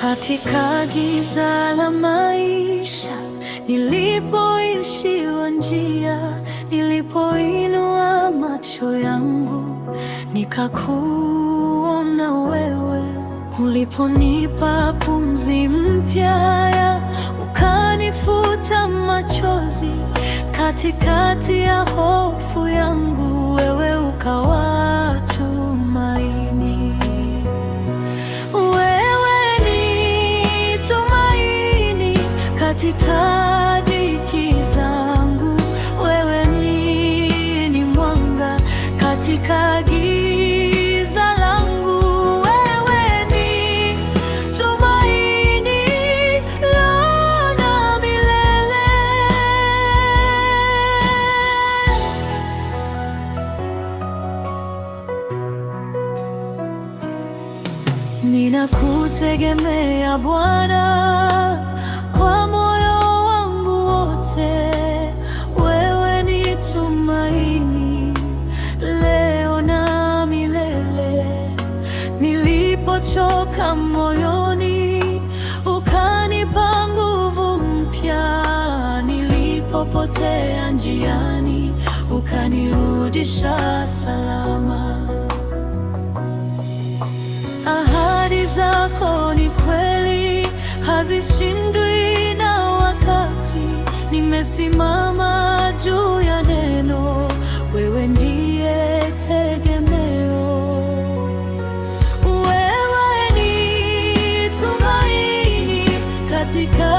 Katika giza la maisha, nilipoishiwa njia, nilipoinua macho yangu nikakuona wewe, uliponipa pumzi mpya, ya ukanifuta machozi katikati ya hofu yangu, wewe ukawa hadithi zangu. Wewe ni mwanga katika giza langu, wewe ni tumaini langu milele. Ninakutegemea Bwana. kuchoka moyoni, ukanipa nguvu mpya. Nilipopotea njiani, ukanirudisha salama. Ahadi zako ni kweli, hazishindwi na wakati. Nimesimama Mexico.